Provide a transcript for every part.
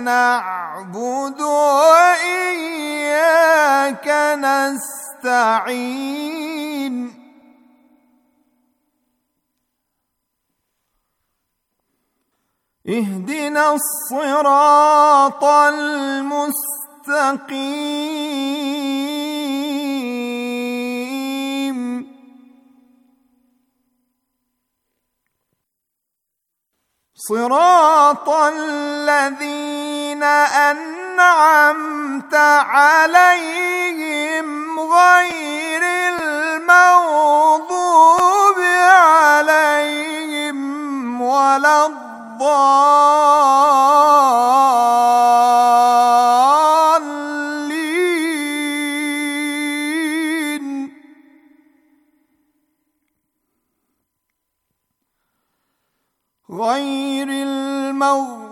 نعبد وإياك نستعين اهدنا الصراط المستقيم صراط الذين انعمت عليهم غير المغضوب عليهم ولا الضالين غير المغضوب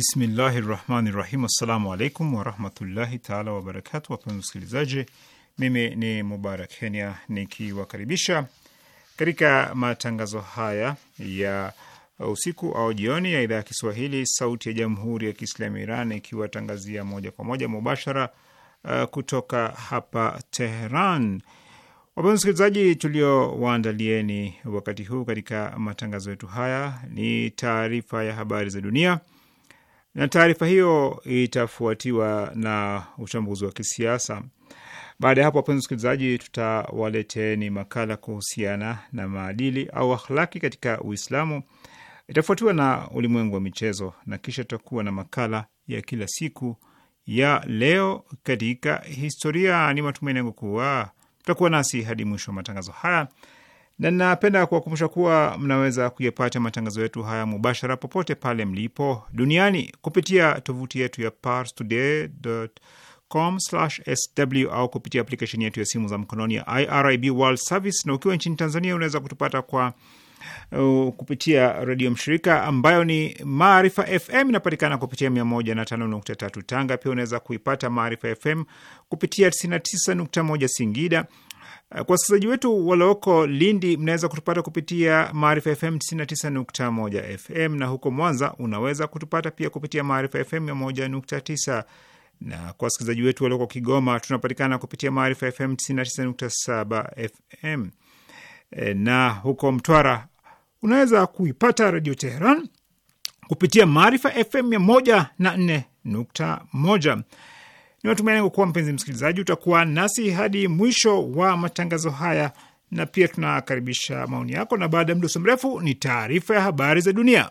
Bismillahi rahmani rahim. Assalamu alaikum warahmatullahi taala wabarakatu. Wapenzi wasikilizaji, mimi ni Mubarak Kenya nikiwakaribisha katika matangazo haya ya usiku au jioni ya idhaa ya Kiswahili sauti ya jamhuri ya Kiislamu Iran ikiwatangazia moja kwa moja mubashara uh, kutoka hapa Tehran. Wapenzi wasikilizaji, tuliowaandalieni wakati huu katika matangazo yetu haya ni taarifa ya habari za dunia na taarifa hiyo itafuatiwa na uchambuzi wa kisiasa. Baada ya hapo, wapenzi wasikilizaji, tutawaleteni makala kuhusiana na maadili au akhlaki katika Uislamu, itafuatiwa na ulimwengu wa michezo na kisha tutakuwa na makala ya kila siku ya leo katika historia. Ni matumaini yangu kuwa tutakuwa nasi hadi mwisho wa matangazo haya na napenda kuwakumbusha kuwa mnaweza kuyapata matangazo yetu haya mubashara popote pale mlipo duniani kupitia tovuti yetu ya parstoday.com/sw au kupitia aplikesheni yetu ya simu za mkononi ya IRIB World Service, na ukiwa nchini Tanzania unaweza kutupata kwa uh, kupitia redio mshirika ambayo ni Maarifa FM, inapatikana kupitia 105.3 Tanga. Pia unaweza kuipata Maarifa FM kupitia 99.1 Singida Eh, kwa wasikilizaji wetu walioko Lindi, mnaweza kutupata kupitia Maarifa FM 99.1 FM, na huko Mwanza unaweza kutupata pia kupitia Maarifa FM 101.9, na kwa wasikilizaji wetu walioko Kigoma tunapatikana kupitia Maarifa FM 99.7 FM, na huko Mtwara unaweza kuipata Redio Teheran kupitia Maarifa FM 104.1. Ni matumaini yangu kuwa mpenzi msikilizaji utakuwa nasi hadi mwisho wa matangazo haya, na pia tunakaribisha maoni yako, na baada ya mdoso mrefu ni taarifa ya habari za dunia.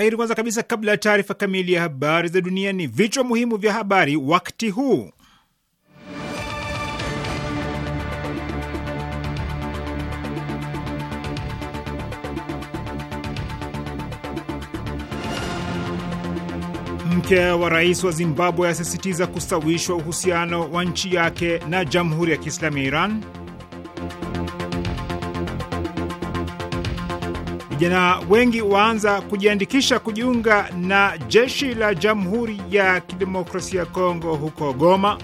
Lakini kwanza kabisa, kabla ya taarifa kamili ya habari za dunia, ni vichwa muhimu vya habari wakati huu. Mke wa rais wa Zimbabwe asisitiza kusawishwa uhusiano wa nchi yake na Jamhuri ya Kiislamu ya Iran. vijana wengi waanza kujiandikisha kujiunga na jeshi la Jamhuri ya Kidemokrasia ya Kongo huko Goma.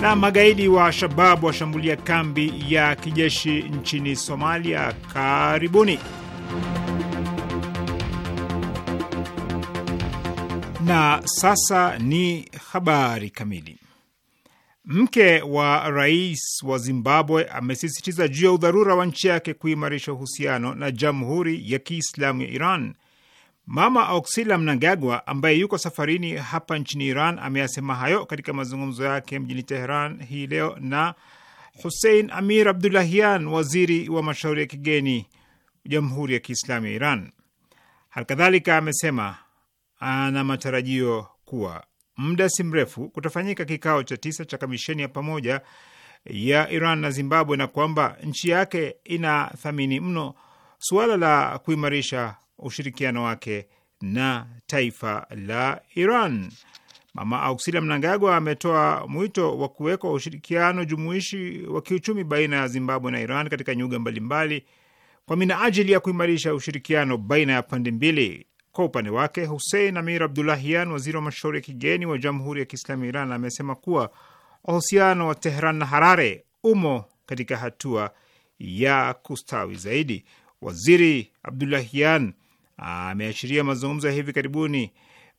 na magaidi wa Shababu washambulia kambi ya kijeshi nchini Somalia. Karibuni na sasa ni habari kamili. Mke wa rais wa Zimbabwe amesisitiza juu ya udharura wa nchi yake kuimarisha uhusiano na Jamhuri ya Kiislamu ya Iran. Mama Auxilia Mnangagwa ambaye yuko safarini hapa nchini Iran ameyasema hayo katika mazungumzo yake mjini Teheran hii leo na Hussein Amir Abdullahian, waziri wa mashauri ya kigeni Jamhuri ya Kiislamu ya Iran. Halikadhalika amesema ana matarajio kuwa muda si mrefu kutafanyika kikao cha tisa cha kamisheni ya pamoja ya Iran na Zimbabwe na kwamba nchi yake inathamini mno suala la kuimarisha ushirikiano wake na taifa la Iran. Mama Auxilia Mnangagwa ametoa mwito wa kuwekwa ushirikiano jumuishi wa kiuchumi baina ya Zimbabwe na Iran katika nyuga mbalimbali kwa minajili ya kuimarisha ushirikiano baina ya pande mbili. Kwa upande wake Hussein Amir Abdulahian, waziri wa mashauri ya kigeni wa Jamhuri ya Kiislamu ya Iran, amesema kuwa uhusiano wa Tehran na Harare umo katika hatua ya kustawi zaidi. Waziri Abdulahian ameashiria mazungumzo ya hivi karibuni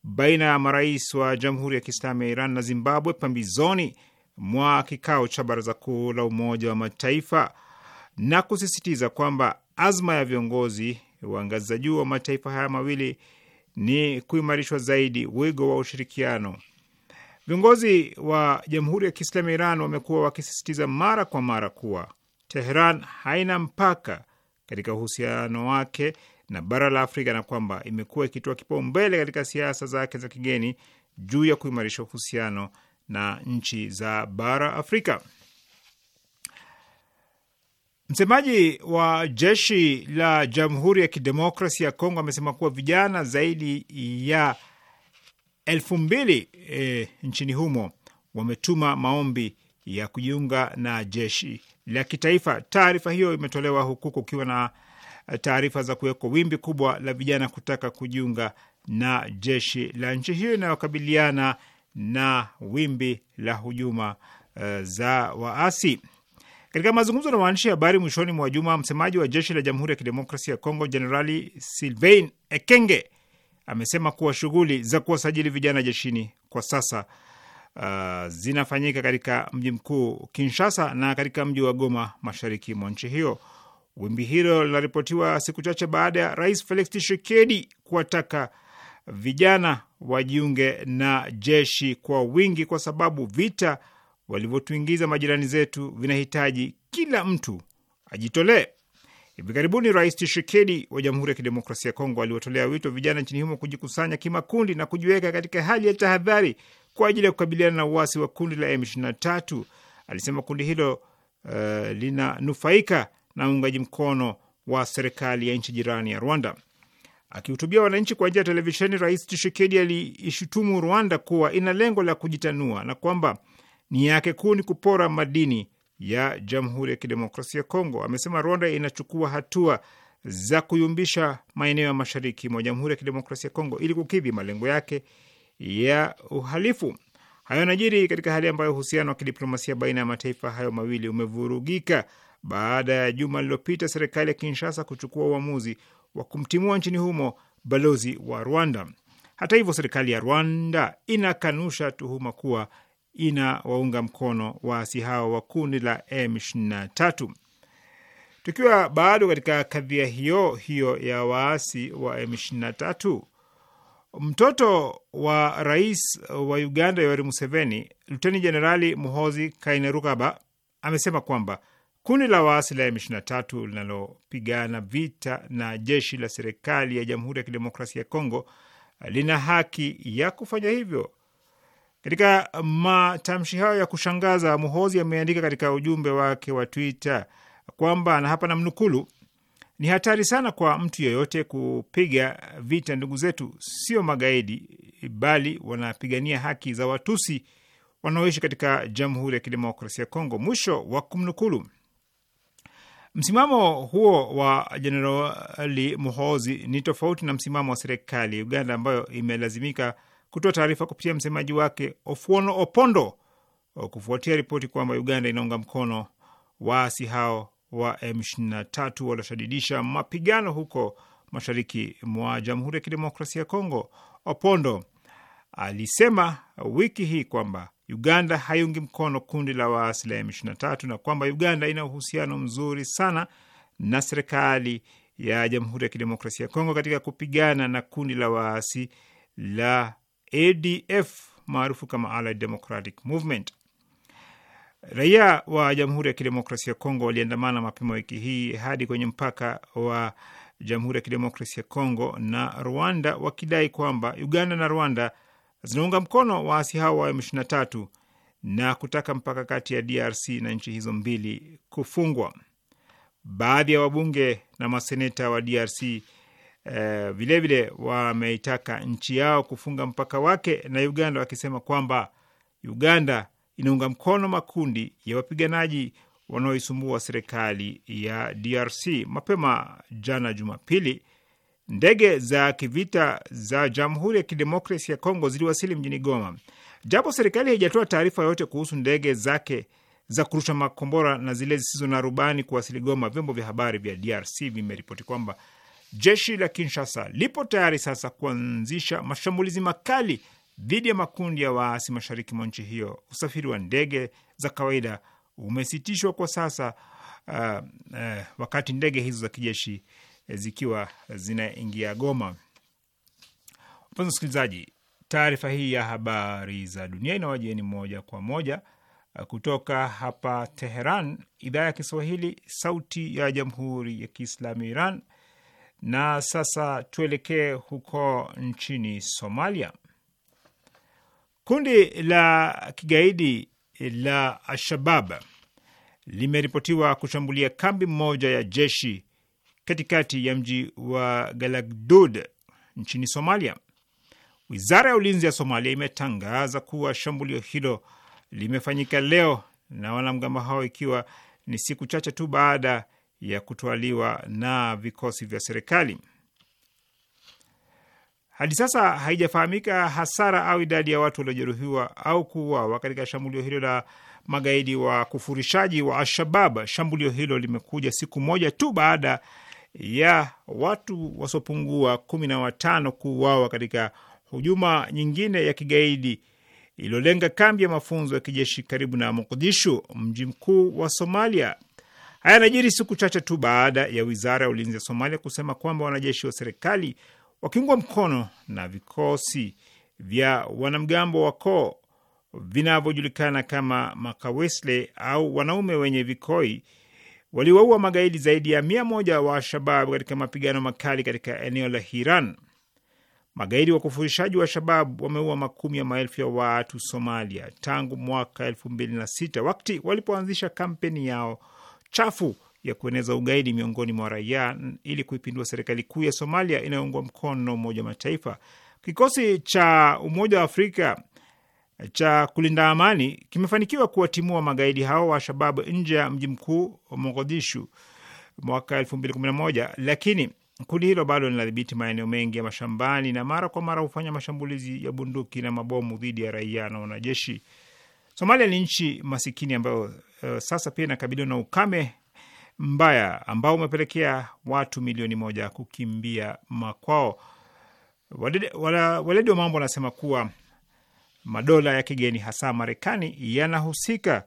baina ya marais wa Jamhuri ya Kiislamu ya Iran na Zimbabwe pambizoni mwa kikao cha Baraza Kuu la Umoja wa Mataifa na kusisitiza kwamba azma ya viongozi wa ngazi za juu wa mataifa haya mawili ni kuimarishwa zaidi wigo wa ushirikiano. Viongozi wa Jamhuri ya Kiislamu ya Iran wamekuwa wakisisitiza mara kwa mara kuwa Teheran haina mpaka katika uhusiano wake na bara la Afrika na kwamba imekuwa ikitoa kipaumbele katika siasa zake za kigeni juu ya kuimarisha uhusiano na nchi za bara Afrika. Msemaji wa jeshi la Jamhuri ya Kidemokrasi ya Kongo amesema kuwa vijana zaidi ya elfu mbili e, nchini humo wametuma maombi ya kujiunga na jeshi la kitaifa. Taarifa hiyo imetolewa huku kukiwa na taarifa za kuwekwa wimbi kubwa la vijana kutaka kujiunga na jeshi la nchi hiyo inayokabiliana na wimbi la hujuma uh, za waasi. Katika mazungumzo na waandishi habari mwishoni mwa juma, msemaji wa jeshi la Jamhuri ya Kidemokrasia ya Kongo Jenerali Sylvain Ekenge amesema kuwa shughuli za kuwasajili vijana jeshini kwa sasa uh, zinafanyika katika mji mkuu Kinshasa na katika mji wa Goma mashariki mwa nchi hiyo. Wimbi hilo linaripotiwa siku chache baada ya Rais Felix Tshisekedi kuwataka vijana wajiunge na jeshi kwa wingi kwa sababu vita walivyotuingiza majirani zetu vinahitaji kila mtu ajitolee. Hivi karibuni Rais Tshisekedi wa Jamhuri ya Kidemokrasia ya Kongo aliwatolea wito vijana nchini humo kujikusanya kimakundi na kujiweka katika hali ya tahadhari kwa ajili ya kukabiliana na uasi wa kundi la M23. Alisema kundi hilo uh, linanufaika na uungaji mkono wa serikali ya nchi jirani ya Rwanda. Akihutubia wananchi kwa njia ya televisheni, Rais Tshisekedi aliishutumu Rwanda kuwa ina lengo la kujitanua na kwamba nia yake kuu ni kupora madini ya Jamhuri ya Kidemokrasia ya Kongo. Amesema Rwanda inachukua hatua za kuyumbisha maeneo ya mashariki mwa Jamhuri ya Kidemokrasia ya Kongo ili kukidhi malengo yake ya uhalifu. Hayo yanajiri katika hali ambayo uhusiano wa kidiplomasia baina ya mataifa hayo mawili umevurugika baada ya juma lililopita serikali ya Kinshasa kuchukua uamuzi wa kumtimua nchini humo balozi wa Rwanda. Hata hivyo, serikali ya Rwanda inakanusha tuhuma kuwa inawaunga mkono waasi hao wa kundi la M23. Tukiwa bado katika kadhia hiyo hiyo ya waasi wa M23, mtoto wa rais wa Uganda Yoweri Museveni, Luteni Jenerali Muhozi Kainerugaba amesema kwamba kundi la waasi la M23 linalopigana vita na jeshi la serikali ya Jamhuri ya Kidemokrasia ya Kongo lina haki ya kufanya hivyo. Katika matamshi hayo ya kushangaza, Muhozi ameandika katika ujumbe wake wa Twitter kwamba na hapa namnukulu, ni hatari sana kwa mtu yeyote kupiga vita ndugu zetu, sio magaidi, bali wanapigania haki za Watusi wanaoishi katika Jamhuri ya Kidemokrasia ya Kongo, mwisho wa kumnukulu. Msimamo huo wa Jenerali Muhozi ni tofauti na msimamo wa serikali ya Uganda ambayo imelazimika kutoa taarifa kupitia msemaji wake Ofuono Opondo uh, kufuatia ripoti kwamba Uganda inaunga mkono waasi hao wa M23 walioshadidisha mapigano huko mashariki mwa Jamhuri ya Kidemokrasia ya Kongo. Opondo alisema wiki hii kwamba Uganda haiungi mkono kundi la waasi la M23 na kwamba Uganda ina uhusiano mzuri sana na serikali ya Jamhuri ya Kidemokrasia ya Kongo katika kupigana na kundi la waasi la ADF maarufu kama Allied Democratic Movement. Raia wa Jamhuri ya Kidemokrasia ya Kongo waliandamana mapema wiki hii hadi kwenye mpaka wa Jamhuri ya Kidemokrasia ya Kongo na Rwanda wakidai kwamba Uganda na Rwanda zinaunga mkono waasi hao wa M23 na kutaka mpaka kati ya DRC na nchi hizo mbili kufungwa. Baadhi ya wabunge na maseneta wa DRC vilevile eh, wameitaka nchi yao kufunga mpaka wake na Uganda wakisema kwamba Uganda inaunga mkono makundi ya wapiganaji wanaoisumbua serikali ya DRC. Mapema jana Jumapili, ndege za kivita za Jamhuri ya Kidemokrasi ya Kongo ziliwasili mjini Goma, japo serikali haijatoa taarifa yoyote kuhusu ndege zake za kurusha makombora na zile zisizo na rubani kuwasili Goma. Vyombo vya habari vya DRC vimeripoti kwamba jeshi la Kinshasa lipo tayari sasa kuanzisha mashambulizi makali dhidi ya makundi ya waasi mashariki mwa nchi hiyo. Usafiri wa ndege za kawaida umesitishwa kwa sasa, uh, uh, wakati ndege hizo za kijeshi eh, zikiwa zinaingia Goma. Wapenzi msikilizaji, taarifa hii ya habari za dunia inawajieni moja kwa moja uh, kutoka hapa Teheran, idhaa ya Kiswahili, sauti ya jamhuri ya kiislamu Iran. Na sasa tuelekee huko nchini Somalia. Kundi la kigaidi la Alshabab limeripotiwa kushambulia kambi moja ya jeshi katikati ya mji wa Galagdud nchini Somalia. Wizara ya ulinzi ya Somalia imetangaza kuwa shambulio hilo limefanyika leo na wanamgambo hao, ikiwa ni siku chache tu baada ya kutwaliwa na vikosi vya serikali. Hadi sasa haijafahamika hasara au idadi ya watu waliojeruhiwa au kuuawa katika shambulio hilo la magaidi wa kufurishaji wa Alshabab. Shambulio hilo limekuja siku moja tu baada ya watu wasiopungua kumi na watano kuuawa katika hujuma nyingine ya kigaidi iliyolenga kambi ya mafunzo ya kijeshi karibu na Mogadishu, mji mkuu wa Somalia. Haya yanajiri siku chache tu baada ya wizara ya ulinzi ya Somalia kusema kwamba wanajeshi wa serikali wakiungwa mkono na vikosi vya wanamgambo wa ko vinavyojulikana kama makawesle au wanaume wenye vikoi waliwaua magaidi zaidi ya mia moja wa Shababu katika mapigano makali katika eneo la Hiran. Magaidi wa kufurishaji wa Shababu wameua makumi ya maelfu ya watu Somalia tangu mwaka elfu mbili na sita wakati walipoanzisha kampeni yao chafu ya kueneza ugaidi miongoni mwa raia ili kuipindua serikali kuu ya Somalia inayoungwa mkono na Umoja wa Mataifa. Kikosi cha Umoja wa Afrika cha kulinda amani kimefanikiwa kuwatimua magaidi hao wa Shababu nje ya mji mkuu wa Mogadishu mwaka 2011 lakini kundi hilo bado linadhibiti maeneo mengi ya mashambani na mara kwa mara hufanya mashambulizi ya bunduki na mabomu dhidi ya raia na wanajeshi. Somalia ni nchi masikini ambayo uh, sasa pia inakabiliwa na ukame mbaya ambao umepelekea watu milioni moja kukimbia makwao. Weledi wa mambo wanasema kuwa madola ya kigeni hasa Marekani yanahusika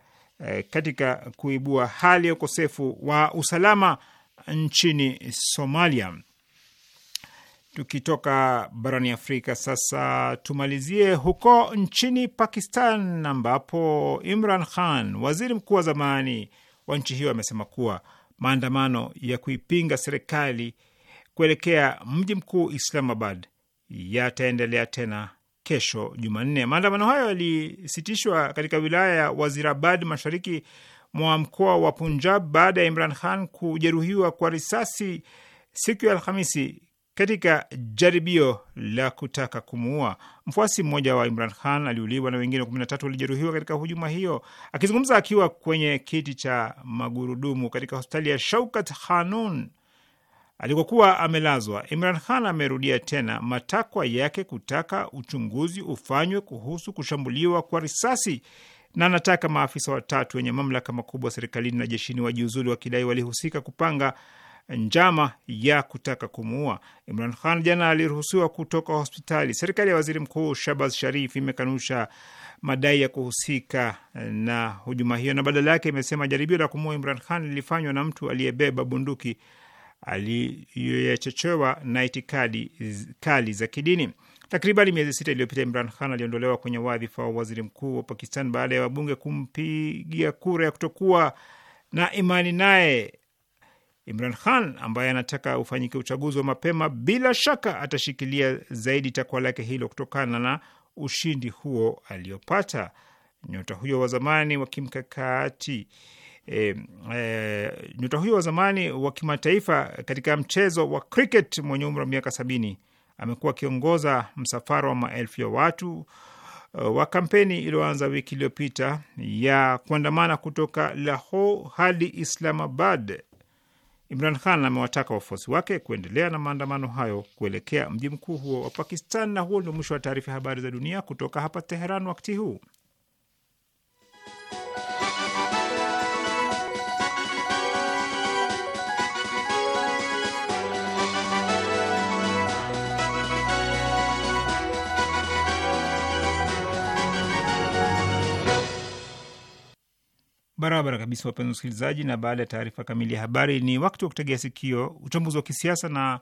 eh, katika kuibua hali ya ukosefu wa usalama nchini Somalia. Tukitoka barani Afrika sasa, tumalizie huko nchini Pakistan ambapo Imran Khan, waziri mkuu wa zamani wa nchi hiyo, amesema kuwa maandamano ya kuipinga serikali kuelekea mji mkuu Islamabad yataendelea tena kesho Jumanne. Maandamano hayo yalisitishwa katika wilaya ya Wazirabad mashariki mwa mkoa wa Punjab baada ya Imran Khan kujeruhiwa kwa risasi siku ya Alhamisi katika jaribio la kutaka kumuua. Mfuasi mmoja wa Imran Khan aliuliwa na wengine 13 walijeruhiwa katika hujuma hiyo. Akizungumza akiwa kwenye kiti cha magurudumu katika hospitali ya Shaukat Khanun alikokuwa amelazwa, Imran Khan amerudia tena matakwa yake kutaka uchunguzi ufanywe kuhusu kushambuliwa kwa risasi na anataka maafisa watatu wenye mamlaka makubwa serikalini na jeshini wajiuzulu, wakidai walihusika kupanga njama ya kutaka kumuua. Imran Khan jana aliruhusiwa kutoka hospitali. Serikali ya waziri mkuu Shahbaz Sharif imekanusha madai ya kuhusika na hujuma hiyo na badala yake imesema jaribio la kumuua Imran Khan lilifanywa na mtu aliyebeba bunduki aliyochochewa na itikadi kali za kidini. Takriban miezi sita iliyopita Imran Khan aliondolewa kwenye wadhifa wa waziri mkuu wa Pakistan baada ya wabunge kumpigia kura ya kutokuwa na imani naye Imran Khan ambaye anataka ufanyike uchaguzi wa mapema, bila shaka atashikilia zaidi takwa lake hilo kutokana na ushindi huo aliopata. Nyota huyo wa zamani wa kimkakati E, e, nyota huyo wa zamani wa kimataifa katika mchezo wa cricket mwenye umri wa miaka sabini amekuwa akiongoza msafara wa maelfu ya watu eh, wa kampeni iliyoanza wiki iliyopita ya kuandamana kutoka Lahore hadi Islamabad Imran Khan amewataka wafuasi wake kuendelea na maandamano hayo kuelekea mji mkuu huo wa Pakistan. Na huo ndio mwisho wa taarifa ya habari za dunia kutoka hapa Teheran wakati huu. Barabara kabisa, wapenzi wasikilizaji, na baada ya taarifa kamili ya habari ni wakati wa kutegea sikio uchambuzi wa kisiasa, na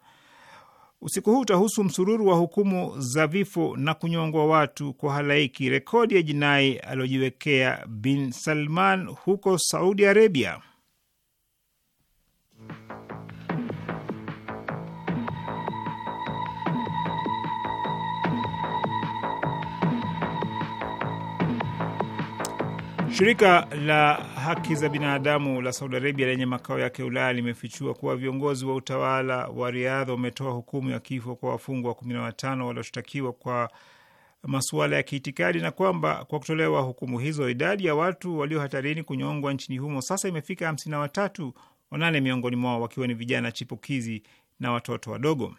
usiku huu utahusu msururu wa hukumu za vifo na kunyongwa watu kwa halaiki, rekodi ya jinai aliyojiwekea bin Salman huko Saudi Arabia. Shirika la haki za binadamu la Saudi Arabia lenye makao yake Ulaya limefichua kuwa viongozi wa utawala wa Riadha wametoa hukumu ya kifo kwa wafungwa kumi na watano walioshtakiwa kwa masuala ya kiitikadi na kwamba kwa kutolewa hukumu hizo idadi ya watu walio hatarini kunyongwa nchini humo sasa imefika hamsini na watatu, wanane miongoni mwao wakiwa ni vijana chipukizi na watoto wadogo.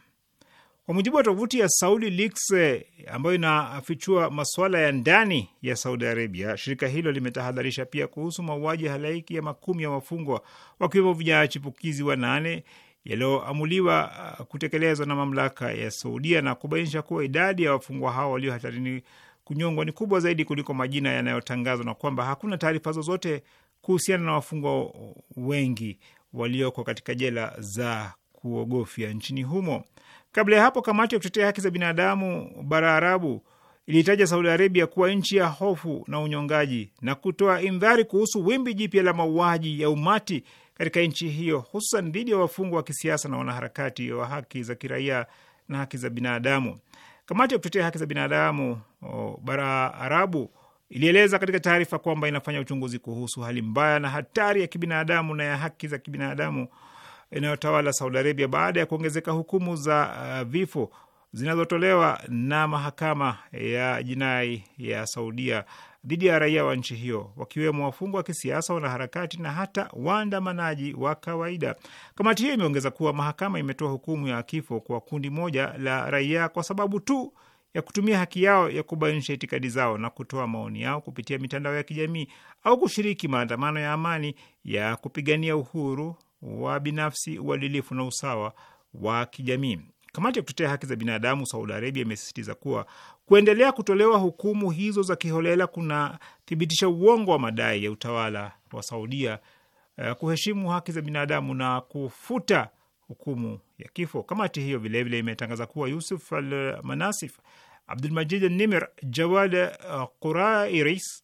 Kwa mujibu wa tovuti ya Saudi Leaks eh, ambayo inafichua masuala ya ndani ya Saudi Arabia, shirika hilo limetahadharisha pia kuhusu mauaji halaiki ya makumi ya wafungwa wakiwemo vijana chipukizi wanane yaliyoamuliwa ah, kutekelezwa na mamlaka ya Saudia na kubainisha kuwa idadi ya wafungwa hao walio hatarini kunyongwa ni kubwa zaidi kuliko majina yanayotangazwa na kwamba hakuna taarifa zozote kuhusiana na wafungwa wengi walioko katika jela za kuogofya nchini humo. Kabla ya hapo, kamati ya kutetea haki za binadamu bara Arabu iliitaja Saudi Arabia kuwa nchi ya hofu na unyongaji na kutoa indhari kuhusu wimbi jipya la mauaji ya umati katika nchi hiyo, hususan dhidi ya wafungwa wa kisiasa na wanaharakati wa haki za kiraia na haki za binadamu. Kamati ya kutetea haki za binadamu bara Arabu ilieleza katika taarifa kwamba inafanya uchunguzi kuhusu hali mbaya na hatari ya kibinadamu na ya haki za kibinadamu inayotawala Saudi Arabia baada ya kuongezeka hukumu za uh, vifo zinazotolewa na mahakama ya jinai ya Saudia dhidi ya raia wa nchi hiyo wakiwemo wafungwa wa kisiasa, wanaharakati na hata waandamanaji wa kawaida. Kamati hiyo imeongeza kuwa mahakama imetoa hukumu ya kifo kwa kundi moja la raia kwa sababu tu ya kutumia haki yao ya kubainisha itikadi zao na kutoa maoni yao kupitia mitandao ya kijamii au kushiriki maandamano ya amani ya kupigania uhuru wa binafsi, uadilifu na usawa wa kijamii. Kamati ya kutetea haki za binadamu Saudi Arabia imesisitiza kuwa kuendelea kutolewa hukumu hizo za kiholela kunathibitisha uongo wa madai ya utawala wa Saudia eh, kuheshimu haki za binadamu na kufuta hukumu ya kifo. Kamati hiyo vilevile imetangaza kuwa Yusuf Al Manasif, Abdulmajid Nimer, Jawad eh, Qurairis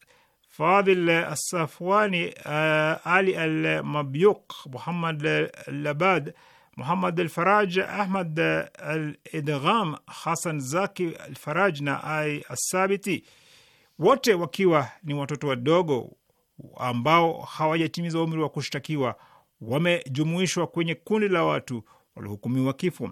Fadhil Asafwani, uh, Ali Al Mabyuk, Muhammad Labad, Muhammad Al Faraj, Ahmad Al Idgham, Hasan Zaki Al Faraj na Ai Asabiti, wote wakiwa ni watoto wadogo ambao hawajatimiza umri wa kushtakiwa, wamejumuishwa kwenye kundi la watu waliohukumiwa kifo.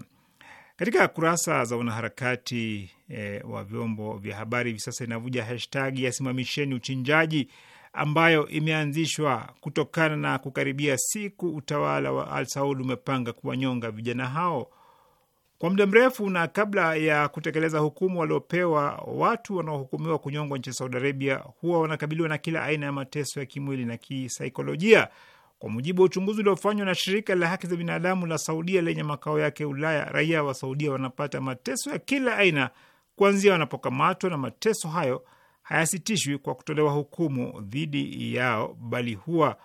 Katika kurasa za wanaharakati e, wa vyombo vya habari hivi sasa inavuja hashtag yasimamisheni uchinjaji ambayo imeanzishwa kutokana na kukaribia siku utawala wa Al Saud umepanga kuwanyonga vijana hao kwa muda mrefu. Na kabla ya kutekeleza hukumu waliopewa, watu wanaohukumiwa kunyongwa nchini Saudi Arabia huwa wanakabiliwa na kila aina ya mateso ya kimwili na kisaikolojia. Kwa mujibu wa uchunguzi uliofanywa na shirika la haki za binadamu la Saudia lenye makao yake Ulaya, raia wa Saudia wanapata mateso ya kila aina kuanzia wanapokamatwa, na mateso hayo hayasitishwi kwa kutolewa hukumu dhidi yao, bali huwa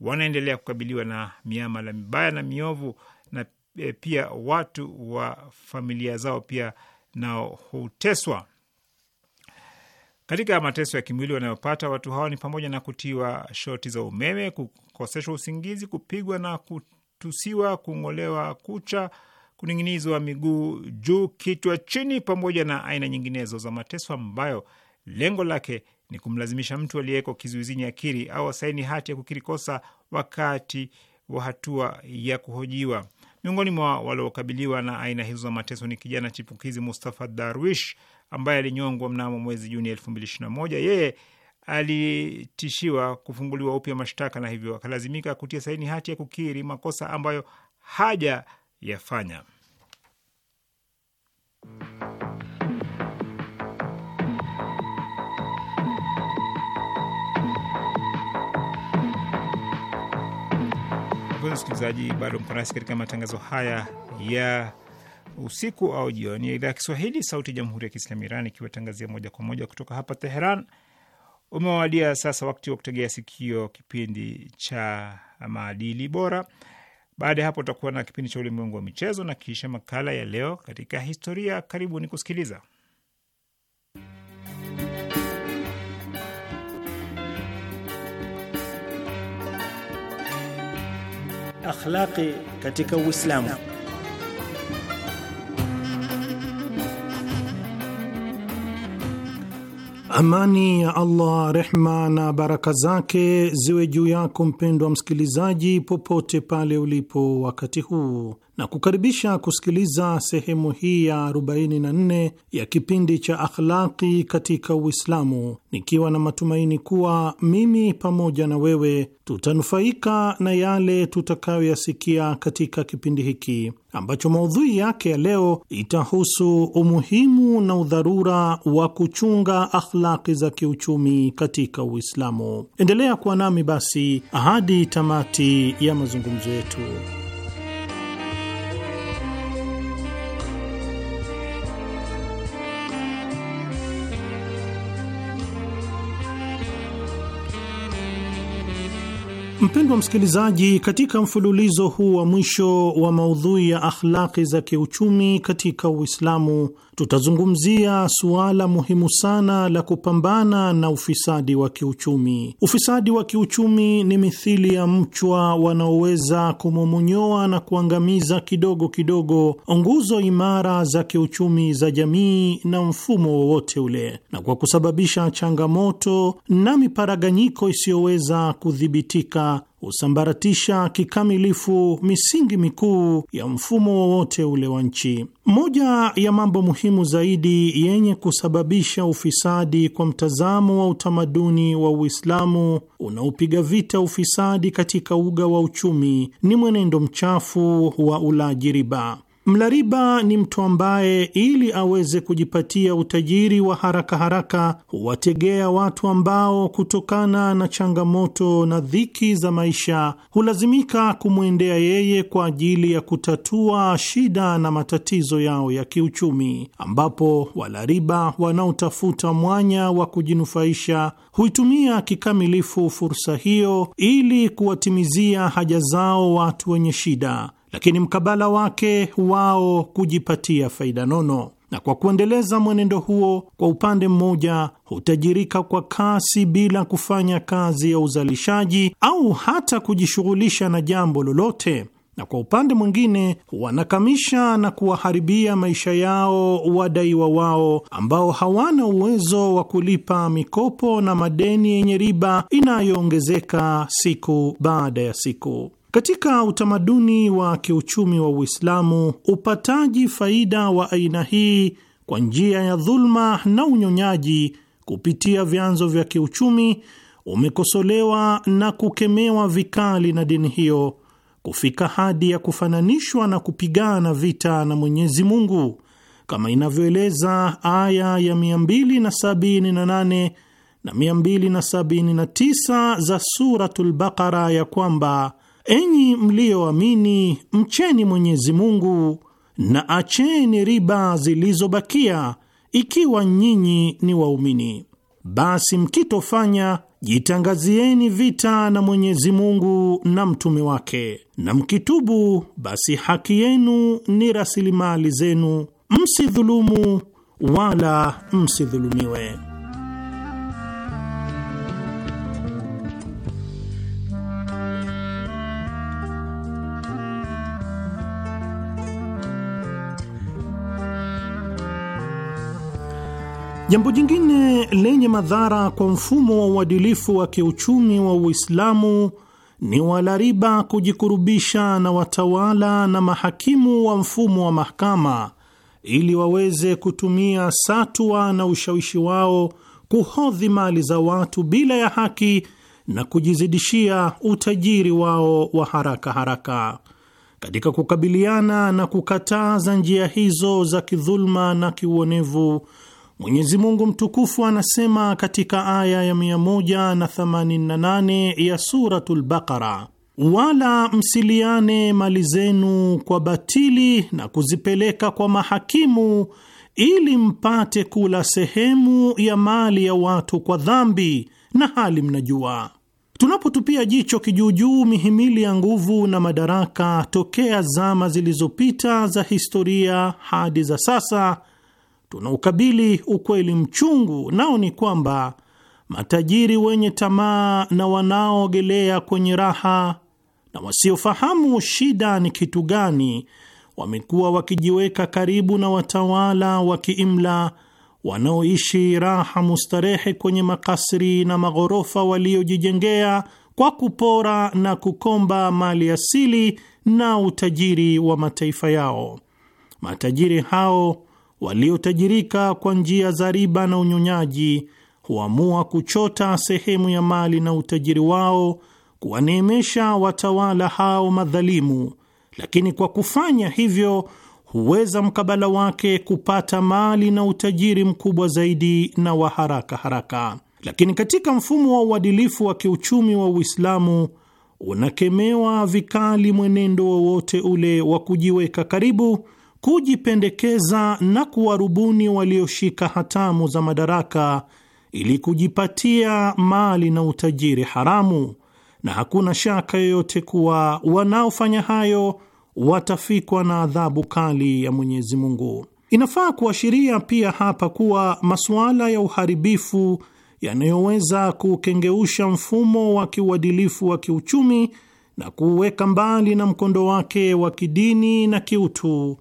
wanaendelea kukabiliwa na miamala mibaya na miovu, na eh, pia watu wa familia zao pia nao huteswa. Katika mateso ya kimwili wanayopata watu hawa ni pamoja na kutiwa shoti za umeme, kukoseshwa usingizi, kupigwa na kutusiwa, kung'olewa kucha, kuning'inizwa miguu juu, kichwa chini, pamoja na aina nyinginezo za mateso ambayo lengo lake ni kumlazimisha mtu aliyeko kizuizini akiri au asaini hati ya kukiri kosa wakati wa hatua ya kuhojiwa. Miongoni mwa waliokabiliwa na aina hizo za mateso ni kijana chipukizi Mustafa Darwish ambaye alinyongwa mnamo mwezi Juni 2021. Yeye alitishiwa kufunguliwa upya mashtaka na hivyo akalazimika kutia saini hati ya kukiri makosa ambayo haja yafanya. Msikilizaji, bado mko nasi katika matangazo haya ya usiku au jioni ya idhaa ya Kiswahili sauti ya jamhuri ya kiislami Iran ikiwatangazia moja kwa moja kutoka hapa Teheran. Umewadia sasa wakati wa kutegea sikio kipindi cha maadili bora. Baada ya hapo, utakuwa na kipindi cha ulimwengu wa michezo na kisha makala ya leo katika historia. karibu ni kusikiliza. Akhlaqi katika Uislamu. Amani ya Allah, rehma na baraka zake ziwe juu yako mpendwa msikilizaji, popote pale ulipo wakati huu na kukaribisha kusikiliza sehemu hii ya 44 ya kipindi cha Akhlaqi katika Uislamu, nikiwa na matumaini kuwa mimi pamoja na wewe tutanufaika na yale tutakayoyasikia katika kipindi hiki ambacho maudhui yake ya leo itahusu umuhimu na udharura wa kuchunga akhlaqi za kiuchumi katika Uislamu. Endelea kuwa nami basi hadi tamati ya mazungumzo yetu. Mpendwa msikilizaji, katika mfululizo huu wa mwisho wa maudhui ya akhlaqi za kiuchumi katika Uislamu tutazungumzia suala muhimu sana la kupambana na ufisadi wa kiuchumi. Ufisadi wa kiuchumi ni mithili ya mchwa wanaoweza kumomonyoa na kuangamiza kidogo kidogo nguzo imara za kiuchumi za jamii na mfumo wowote ule, na kwa kusababisha changamoto na miparaganyiko isiyoweza kudhibitika husambaratisha kikamilifu misingi mikuu ya mfumo wowote ule wa nchi. Moja ya mambo muhimu zaidi yenye kusababisha ufisadi kwa mtazamo wa utamaduni wa Uislamu unaopiga vita ufisadi katika uga wa uchumi ni mwenendo mchafu wa ulaji riba mlariba ni mtu ambaye ili aweze kujipatia utajiri wa haraka haraka huwategea watu ambao kutokana na changamoto na dhiki za maisha hulazimika kumwendea yeye kwa ajili ya kutatua shida na matatizo yao ya kiuchumi, ambapo walariba wanaotafuta mwanya wa kujinufaisha huitumia kikamilifu fursa hiyo ili kuwatimizia haja zao watu wenye shida lakini mkabala wake wao kujipatia faida nono, na kwa kuendeleza mwenendo huo, kwa upande mmoja hutajirika kwa kasi bila kufanya kazi ya uzalishaji au hata kujishughulisha na jambo lolote, na kwa upande mwingine wanakamisha na kuwaharibia maisha yao wadaiwa wao ambao hawana uwezo wa kulipa mikopo na madeni yenye riba inayoongezeka siku baada ya siku. Katika utamaduni wa kiuchumi wa Uislamu, upataji faida wa aina hii kwa njia ya dhulma na unyonyaji kupitia vyanzo vya kiuchumi umekosolewa na kukemewa vikali na dini hiyo kufika hadi ya kufananishwa na kupigana vita na Mwenyezi Mungu kama inavyoeleza aya ya 278 na 279 za Suratul Baqara ya kwamba Enyi mliyoamini, mcheni Mwenyezi Mungu na acheni riba zilizobakia, ikiwa nyinyi ni waumini. Basi mkitofanya, jitangazieni vita na Mwenyezi Mungu na mtume wake, na mkitubu, basi haki yenu ni rasilimali zenu, msidhulumu wala msidhulumiwe. Jambo jingine lenye madhara kwa mfumo wa uadilifu wa kiuchumi wa Uislamu ni walariba kujikurubisha na watawala na mahakimu wa mfumo wa mahakama ili waweze kutumia satwa na ushawishi wao kuhodhi mali za watu bila ya haki na kujizidishia utajiri wao wa haraka haraka. Katika kukabiliana na kukataza njia hizo za kidhuluma na kiuonevu Mwenyezi Mungu mtukufu anasema katika aya ya 188 ya Suratul Baqara, wala msiliane mali zenu kwa batili na kuzipeleka kwa mahakimu ili mpate kula sehemu ya mali ya watu kwa dhambi na hali mnajua. Tunapotupia jicho kijuujuu mihimili ya nguvu na madaraka tokea zama zilizopita za historia hadi za sasa tunaukabili ukweli mchungu, nao ni kwamba matajiri wenye tamaa na wanaoogelea kwenye raha na wasiofahamu shida ni kitu gani, wamekuwa wakijiweka karibu na watawala wa kiimla wanaoishi raha mustarehe kwenye makasri na maghorofa waliojijengea kwa kupora na kukomba mali asili na utajiri wa mataifa yao. Matajiri hao waliotajirika kwa njia za riba na unyonyaji huamua kuchota sehemu ya mali na utajiri wao kuwaneemesha watawala hao madhalimu, lakini kwa kufanya hivyo huweza mkabala wake kupata mali na utajiri mkubwa zaidi na wa haraka haraka. Lakini katika mfumo wa uadilifu wa kiuchumi wa Uislamu unakemewa vikali mwenendo wowote ule wa kujiweka karibu kujipendekeza na kuwarubuni walioshika hatamu za madaraka ili kujipatia mali na utajiri haramu, na hakuna shaka yoyote kuwa wanaofanya hayo watafikwa na adhabu kali ya Mwenyezi Mungu. Inafaa kuashiria pia hapa kuwa masuala ya uharibifu yanayoweza kukengeusha mfumo wa kiuadilifu wa kiuchumi na kuuweka mbali na mkondo wake wa kidini na kiutu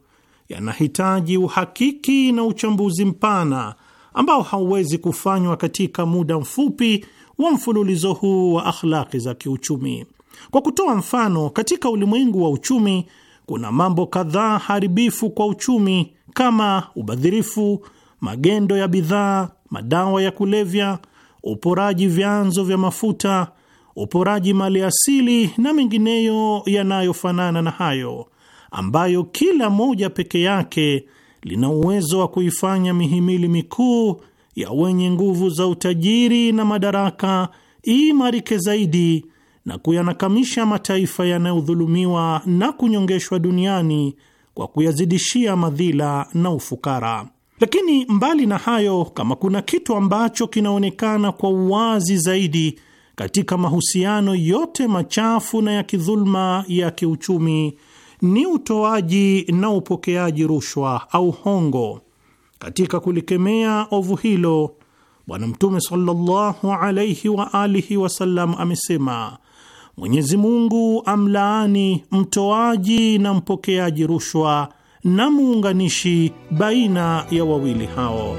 yanahitaji uhakiki na uchambuzi mpana ambao hauwezi kufanywa katika muda mfupi wa mfululizo huu wa akhlaki za kiuchumi. Kwa kutoa mfano, katika ulimwengu wa uchumi kuna mambo kadhaa haribifu kwa uchumi kama ubadhirifu, magendo ya bidhaa, madawa ya kulevya, uporaji vyanzo vya mafuta, uporaji mali asili na mengineyo yanayofanana na hayo ambayo kila moja peke yake lina uwezo wa kuifanya mihimili mikuu ya wenye nguvu za utajiri na madaraka iimarike zaidi na kuyanakamisha mataifa yanayodhulumiwa na kunyongeshwa duniani kwa kuyazidishia madhila na ufukara. Lakini mbali na hayo, kama kuna kitu ambacho kinaonekana kwa uwazi zaidi katika mahusiano yote machafu na ya kidhuluma ya kiuchumi ni utoaji na upokeaji rushwa au hongo. Katika kulikemea ovu hilo, Bwana Mtume sallallahu alaihi wa alihi wasallam amesema, Mwenyezi Mungu amlaani mtoaji na mpokeaji rushwa na muunganishi baina ya wawili hao.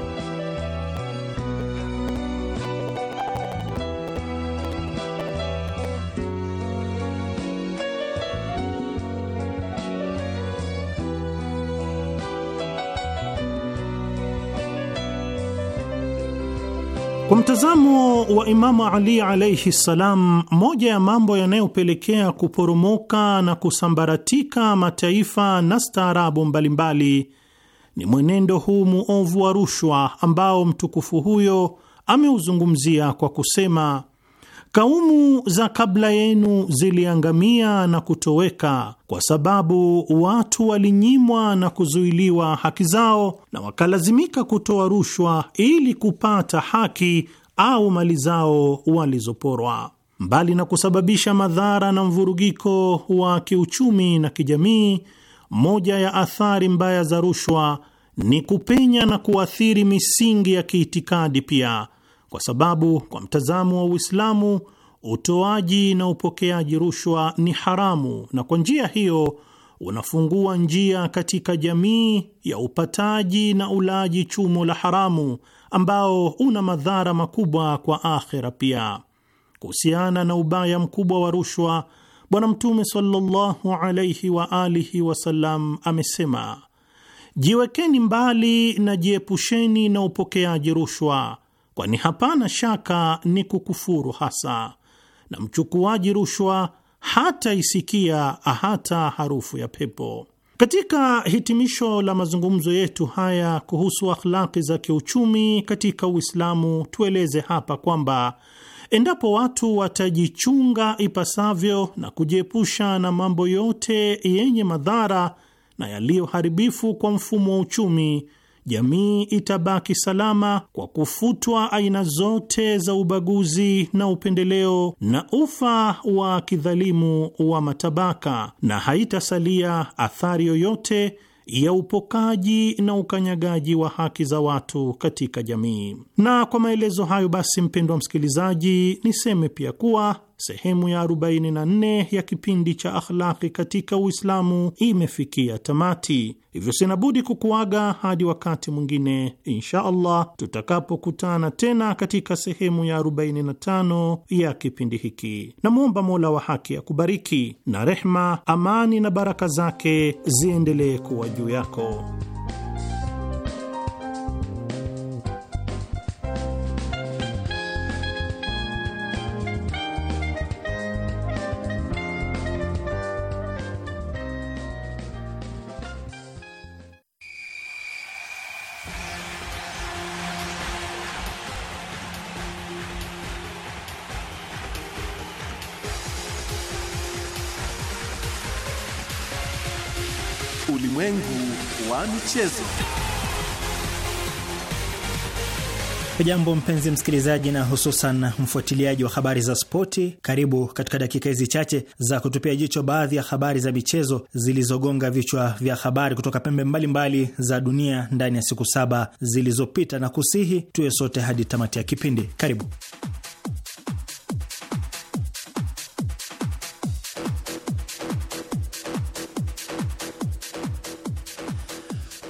Kwa mtazamo wa Imamu Ali alaihi ssalam, moja ya mambo yanayopelekea kuporomoka na kusambaratika mataifa na staarabu mbalimbali ni mwenendo huu muovu wa rushwa ambao mtukufu huyo ameuzungumzia kwa kusema Kaumu za kabla yenu ziliangamia na kutoweka kwa sababu watu walinyimwa na kuzuiliwa haki zao na wakalazimika kutoa rushwa ili kupata haki au mali zao walizoporwa. Mbali na kusababisha madhara na mvurugiko wa kiuchumi na kijamii, moja ya athari mbaya za rushwa ni kupenya na kuathiri misingi ya kiitikadi pia kwa sababu kwa mtazamo wa Uislamu utoaji na upokeaji rushwa ni haramu, na kwa njia hiyo unafungua njia katika jamii ya upataji na ulaji chumo la haramu ambao una madhara makubwa kwa akhera pia. Kuhusiana na ubaya mkubwa wa rushwa, Bwana Mtume sallallahu alaihi wa alihi wasallam amesema, jiwekeni mbali na jiepusheni na upokeaji rushwa kwani hapana shaka ni kukufuru hasa, na mchukuaji rushwa hata isikia hata harufu ya pepo. Katika hitimisho la mazungumzo yetu haya kuhusu akhlaki za kiuchumi katika Uislamu, tueleze hapa kwamba endapo watu watajichunga ipasavyo na kujiepusha na mambo yote yenye madhara na yaliyoharibifu kwa mfumo wa uchumi jamii itabaki salama kwa kufutwa aina zote za ubaguzi na upendeleo na ufa wa kidhalimu wa matabaka, na haitasalia athari yoyote ya upokaji na ukanyagaji wa haki za watu katika jamii. Na kwa maelezo hayo basi, mpendwa msikilizaji, niseme pia kuwa sehemu ya 44 ya kipindi cha Akhlaqi katika Uislamu imefikia tamati, hivyo sinabudi kukuaga hadi wakati mwingine insha Allah tutakapokutana tena katika sehemu ya 45 ya kipindi hiki. Namwomba Mola wa haki akubariki, na rehma, amani na baraka zake ziendelee kuwa juu yako. ulimwengu wa michezo. Jambo mpenzi msikilizaji, na hususan mfuatiliaji wa habari za spoti. Karibu katika dakika hizi chache za kutupia jicho baadhi ya habari za michezo zilizogonga vichwa vya habari kutoka pembe mbalimbali mbali za dunia ndani ya siku saba zilizopita, na kusihi tuwe sote hadi tamati ya kipindi. Karibu.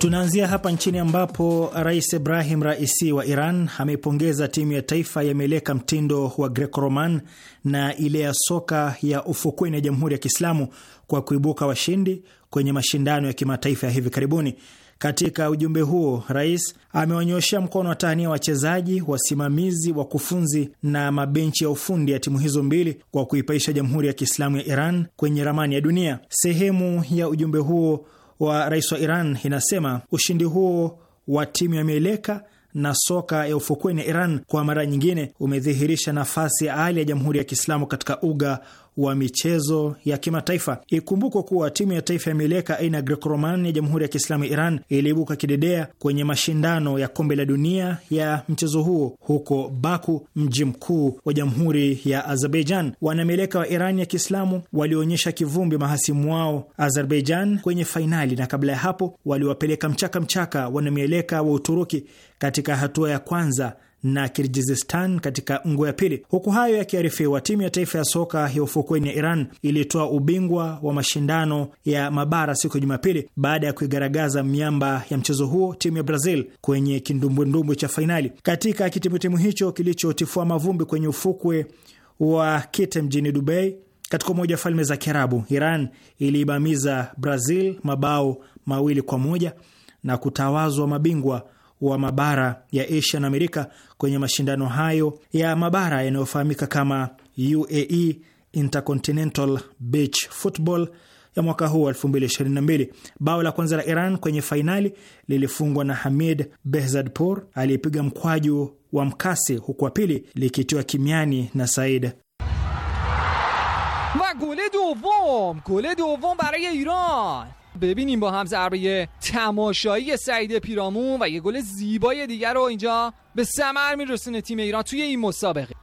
Tunaanzia hapa nchini ambapo Rais Ibrahim Raisi wa Iran ameipongeza timu ya taifa ya mieleka mtindo wa Greco-Roman na ile ya soka ya ufukweni ya Jamhuri ya Kiislamu kwa kuibuka washindi kwenye mashindano ya kimataifa ya hivi karibuni. Katika ujumbe huo, rais amewanyoshea mkono wa tahania wachezaji, wasimamizi, wakufunzi na mabenchi ya ufundi ya timu hizo mbili kwa kuipaisha Jamhuri ya Kiislamu ya Iran kwenye ramani ya dunia. Sehemu ya ujumbe huo wa rais wa Iran inasema ushindi huo wa timu ya mieleka na soka ya ufukweni ya Iran kwa mara nyingine umedhihirisha nafasi ya ali ya Jamhuri ya Kiislamu katika uga wa michezo ya kimataifa. Ikumbukwa kuwa timu ya taifa ya mieleka aina ya Greco-Roman ya Jamhuri ya Kiislamu ya Iran iliibuka kidedea kwenye mashindano ya kombe la dunia ya mchezo huo huko Baku, mji mkuu wa Jamhuri ya Azerbaijan. Wanamieleka wa Iran ya Kiislamu walionyesha kivumbi mahasimu wao Azerbaijan kwenye fainali, na kabla ya hapo waliwapeleka mchaka mchaka wanamieleka wa Uturuki katika hatua ya kwanza na Kirgizistan katika mgo ya pili. Huku hayo yakiarifiwa, timu ya taifa ya soka ya ufukweni ya Iran ilitoa ubingwa wa mashindano ya mabara siku ya Jumapili baada ya kuigaragaza miamba ya mchezo huo timu ya Brazil kwenye kindumbwendumbwe cha fainali. Katika kitimutimu hicho kilichotifua mavumbi kwenye ufukwe wa Kite mjini Dubai katika Umoja wa Falme za Kiarabu, Iran iliibamiza Brazil mabao mawili kwa moja na kutawazwa mabingwa wa mabara ya Asia na Amerika kwenye mashindano hayo ya mabara yanayofahamika kama UAE Intercontinental Beach Football ya mwaka huu 2022. Bao la kwanza la Iran kwenye fainali lilifungwa na Hamid Behzadpour aliyepiga mkwaju wa mkasi, huku wa pili likitiwa kimiani na Said gole baraye Iran ببینیم با هم ضربه تماشایی سعید پیرامون و یه گل زیبای دیگر رو اینجا به سمر میرسونه تیم ایران توی این مسابقه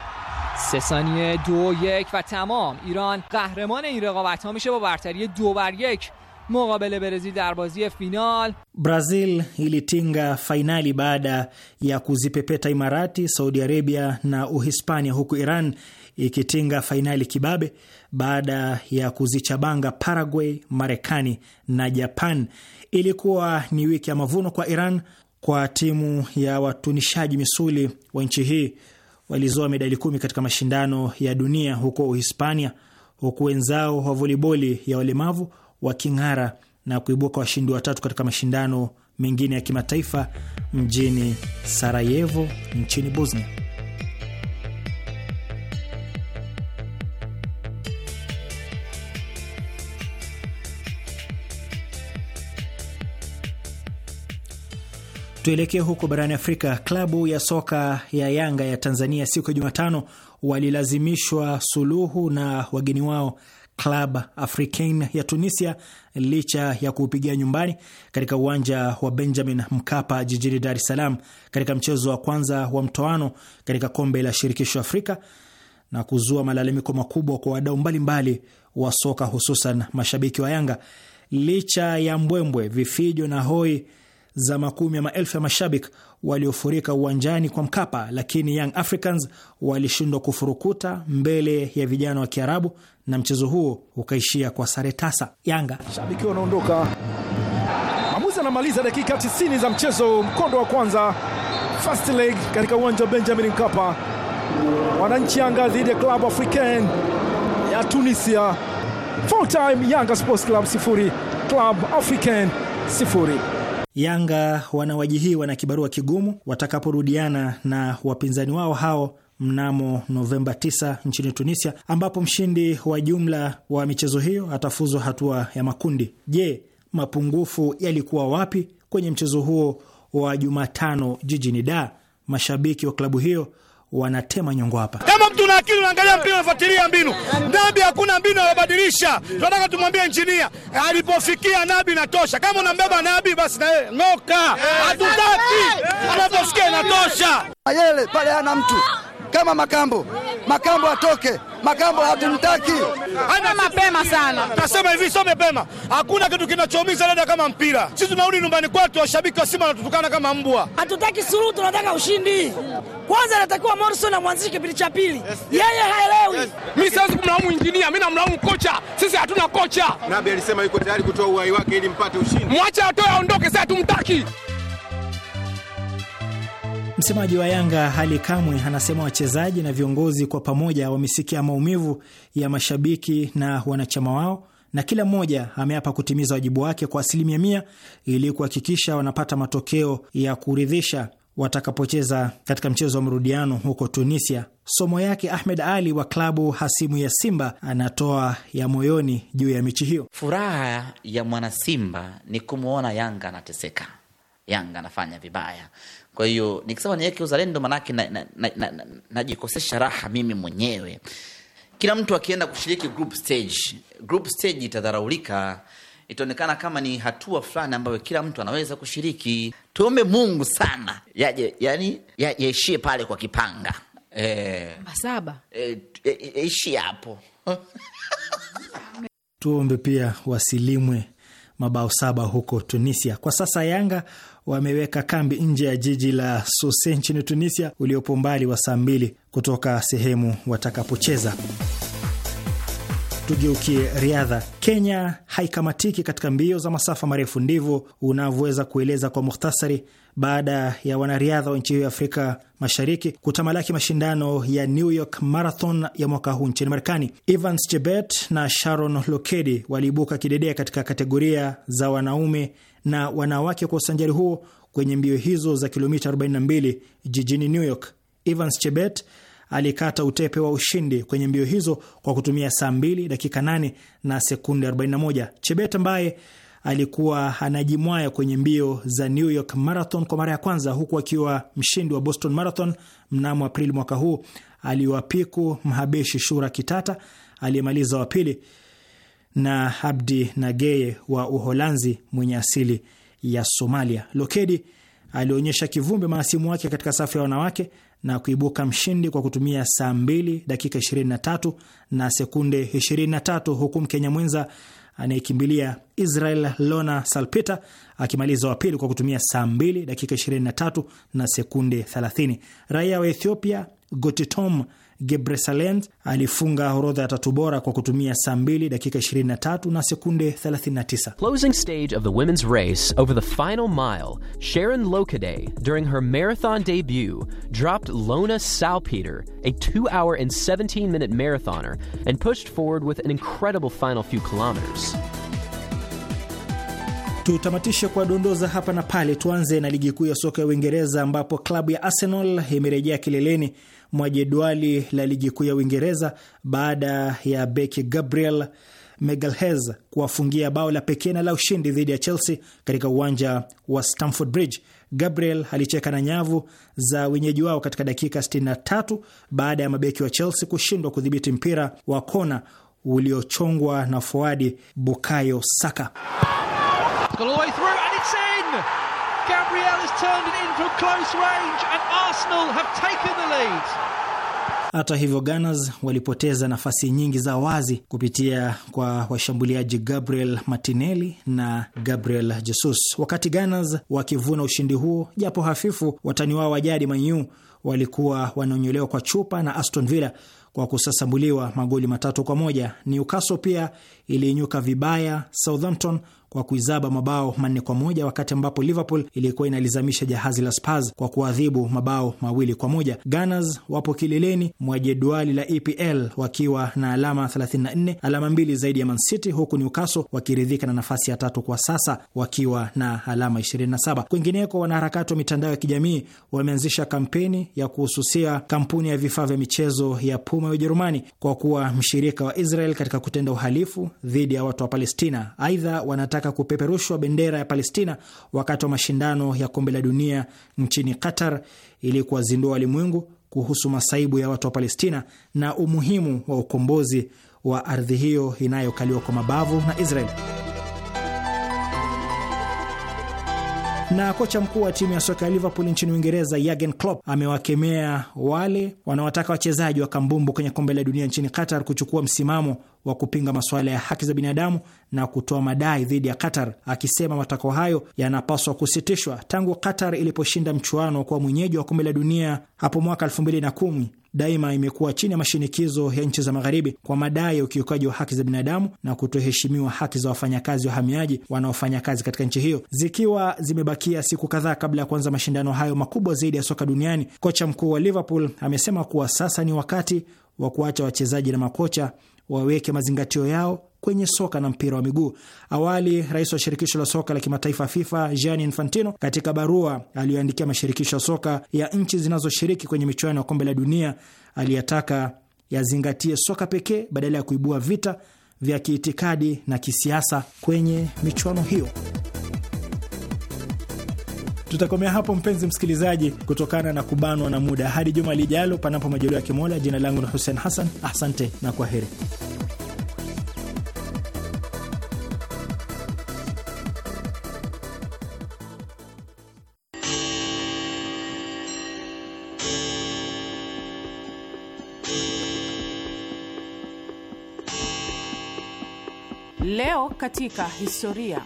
سه ثانیه دو یک و تمام ایران قهرمان این رقابت ها میشه با برتری دو بر یک مقابل برزیل در بازی فینال. فینالی ilitinga فینالی baada ya kuzipepeta Imarati, Saudi Arabia na Uhispania, حکو ایران ikitinga fainali kibabe baada ya kuzichabanga Paraguay, Marekani na Japan. Ilikuwa ni wiki ya mavuno kwa Iran, kwa timu ya watunishaji misuli wa nchi hii walizoa medali kumi katika mashindano ya dunia huko Uhispania, huku wenzao wa voliboli ya walemavu waking'ara na kuibuka washindi watatu katika mashindano mengine ya kimataifa mjini Sarajevo nchini Bosnia. Tuelekee huko barani Afrika. Klabu ya soka ya Yanga ya Tanzania siku ya Jumatano walilazimishwa suluhu na wageni wao Club Africain ya Tunisia licha ya kuupigia nyumbani katika uwanja wa Benjamin Mkapa jijini Dar es Salaam katika mchezo wa kwanza wa mtoano katika kombe la shirikisho Afrika na kuzua malalamiko makubwa kwa wadau mbalimbali wa soka hususan mashabiki wa Yanga. Licha ya mbwembwe, vifijo na hoi za makumi ya maelfu ya mashabiki waliofurika uwanjani kwa Mkapa, lakini Young Africans walishindwa kufurukuta mbele ya vijana wa Kiarabu na mchezo huo ukaishia kwa sare tasa. Yanga shabiki wanaondoka, mwamuzi anamaliza dakika 90 za mchezo, mkondo wa kwanza first leg katika uwanja wa Benjamin Mkapa, wananchi Yanga dhidi ya Club African ya Tunisia. Full time Yanga Sports Club sifuri, Club African sifuri. Yanga wanawaji hii wana kibarua kigumu watakaporudiana na wapinzani wao hao mnamo Novemba 9 nchini Tunisia, ambapo mshindi wa jumla wa michezo hiyo atafuzwa hatua ya makundi. Je, mapungufu yalikuwa wapi kwenye mchezo huo wa Jumatano jijini Dar? Mashabiki wa klabu hiyo wanatema nyongo hapa. Kama mtu na akili unaangalia mpira unafuatilia mbinu, Nabi hakuna mbinu alobadilisha. Tunataka tumwambie injinia alipofikia Nabi natosha. Kama unambeba Nabi basi na yeye ng'oka, hatutaki anaposikia inatosha. Yele pale ana mtu kama Makambo. Makambo atoke, Makambo hatumtaki. Ana mapema sana, tasema hivi, sio mapema. Hakuna kitu kinachoumiza dada kama mpira. Sisi tunarudi nyumbani kwetu, washabiki wa Simba wanatutukana kama mbwa. Hatutaki suluhu, tunataka ushindi. Kwanza anatakiwa Morrison amwanzishe kipindi cha pili, yeye haelewi. Mimi siwezi kumlaumu injinia, mimi namlaumu kocha. Sisi hatuna kocha. Nabi alisema yuko tayari kutoa uhai wake ili mpate ushindi. Mwache atoe, aondoke, sasa hatumtaki. Msemaji wa Yanga Ali Kamwe anasema wachezaji na viongozi kwa pamoja wamesikia maumivu ya mashabiki na wanachama wao na kila mmoja ameapa kutimiza wajibu wake kwa asilimia mia ili kuhakikisha wanapata matokeo ya kuridhisha watakapocheza katika mchezo wa marudiano huko Tunisia. Somo yake Ahmed Ali wa klabu hasimu ya Simba anatoa ya moyoni juu ya michi hiyo. Furaha ya mwanasimba ni kumwona Yanga anateseka, Yanga anafanya vibaya kwa hiyo nikisema niweke uzalendo, manake najikosesha na, na, na, na raha mimi mwenyewe. Kila mtu akienda kushiriki group stage, group stage itadharaulika, itaonekana kama ni hatua fulani ambayo kila mtu anaweza kushiriki. Tuombe Mungu sana yaje, yani yaishie pale kwa kipanga eh, masaba eh, hapo tuombe pia wasilimwe mabao saba huko Tunisia. Kwa sasa Yanga wameweka kambi nje ya jiji la Sousse nchini Tunisia, uliopo mbali wa saa mbili kutoka sehemu watakapocheza. Tugeukie riadha. Kenya haikamatiki katika mbio za masafa marefu, ndivyo unavyoweza kueleza kwa muhtasari, baada ya wanariadha wa nchi hiyo ya Afrika Mashariki kutamalaki mashindano ya New York Marathon ya mwaka huu nchini Marekani. Evans Chebet na Sharon Lokedi waliibuka kidedea katika kategoria za wanaume na wanawake kwa usanjari huo kwenye mbio hizo za kilomita 42 jijini New York. Evans Chebet alikata utepe wa ushindi kwenye mbio hizo kwa kutumia saa 2 dakika 8 na sekunde 41. Chebet ambaye alikuwa anajimwaya kwenye mbio za New York Marathon kwa mara ya kwanza, huku akiwa mshindi wa Boston Marathon mnamo Aprili mwaka huu, aliwapiku mhabeshi Shura Kitata aliyemaliza wa pili na Habdi Nageye wa Uholanzi mwenye asili ya Somalia. Lokedi alionyesha kivumbi mahasimu wake katika safu ya wanawake na kuibuka mshindi kwa kutumia saa 2 dakika 23 na sekunde 23, huku Mkenya mwenza anayekimbilia Israel Lona Salpeter akimaliza wa pili kwa kutumia saa 2 dakika 23 na sekunde 30. Raia wa Ethiopia Gotitom Gebreselant alifunga orodha ya tatu bora kwa kutumia saa 2 dakika 23 na sekunde 39. Closing stage of the women's race over the final mile, Sharon lokaday during her marathon debut dropped Lona Salpeter, a 2 hour and 17 minute marathoner and pushed forward with an incredible final few kilometers. Tutamatishe kwa dondoo hapa na pale. Tuanze na ligi kuu ya soka ya Uingereza ambapo klabu ya Arsenal imerejea kileleni mwa jedwali la ligi kuu ya Uingereza baada ya beki Gabriel Magalhaes kuwafungia bao la pekee na la ushindi dhidi ya Chelsea katika uwanja wa Stamford Bridge. Gabriel alicheka na nyavu za wenyeji wao katika dakika 63 baada ya mabeki wa Chelsea kushindwa kudhibiti mpira wa kona uliochongwa na foadi Bukayo Saka turned it in from close range and Arsenal have taken the lead. Hata hivyo Gunners walipoteza nafasi nyingi za wazi kupitia kwa washambuliaji Gabriel Martinelli na Gabriel Jesus. Wakati Gunners wakivuna ushindi huo japo hafifu, watani wao wa jadi Manyu walikuwa wanaonyolewa kwa chupa na Aston Villa kwa kusasambuliwa magoli matatu kwa moja. Newcastle pia iliinyuka vibaya Southampton kwa kuizaba mabao manne kwa moja wakati ambapo Liverpool ilikuwa inalizamisha jahazi la Spurs kwa kuadhibu mabao mawili kwa moja. Gunners wapo kileleni mwa jedwali la EPL wakiwa na alama 34, alama mbili zaidi ya Man City, huku Newcastle wakiridhika na nafasi ya tatu kwa sasa wakiwa na alama 27. Kwingineko, wanaharakati wa mitandao ya kijamii wameanzisha kampeni ya kuhususia kampuni ya vifaa vya michezo ya Puma ya Ujerumani kwa kuwa mshirika wa Israel katika kutenda uhalifu dhidi ya watu wa Palestina. Aidha wanataka kutaka kupeperushwa bendera ya Palestina wakati wa mashindano ya kombe la dunia nchini Qatar ili kuwazindua walimwengu kuhusu masaibu ya watu wa Palestina na umuhimu wa ukombozi wa ardhi hiyo inayokaliwa kwa mabavu na Israeli. Na kocha mkuu wa timu ya soka ya Liverpool nchini Uingereza, Jurgen Klopp amewakemea wale wanaowataka wachezaji wa kambumbu kwenye kombe la dunia nchini Qatar kuchukua msimamo wa kupinga masuala ya haki za binadamu na kutoa madai dhidi ya Qatar, akisema matakwa hayo yanapaswa kusitishwa. Tangu Qatar iliposhinda mchuano kwa mwenyeji wa kombe la dunia hapo mwaka 2010 daima imekuwa chini ya mashinikizo ya nchi za Magharibi kwa madai ya ukiukaji wa haki za binadamu na kutoheshimiwa haki za wafanyakazi wahamiaji wanaofanya kazi katika nchi hiyo. Zikiwa zimebakia siku kadhaa kabla ya kuanza mashindano hayo makubwa zaidi ya soka duniani, kocha mkuu wa Liverpool amesema kuwa sasa ni wakati wa kuacha wachezaji na makocha waweke mazingatio yao kwenye soka na mpira wa miguu. Awali, rais wa shirikisho la soka la kimataifa FIFA Gianni Infantino, katika barua aliyoandikia mashirikisho ya soka ya nchi zinazoshiriki kwenye michuano ya kombe la dunia, aliyataka yazingatie soka pekee badala ya kuibua vita vya kiitikadi na kisiasa kwenye michuano hiyo. Tutakomea hapo mpenzi msikilizaji, kutokana na kubanwa na muda. Hadi juma lijalo, panapo majaliwa ya Kimola. Jina langu ni Hussein Hassan, asante na kwa heri. katika historia.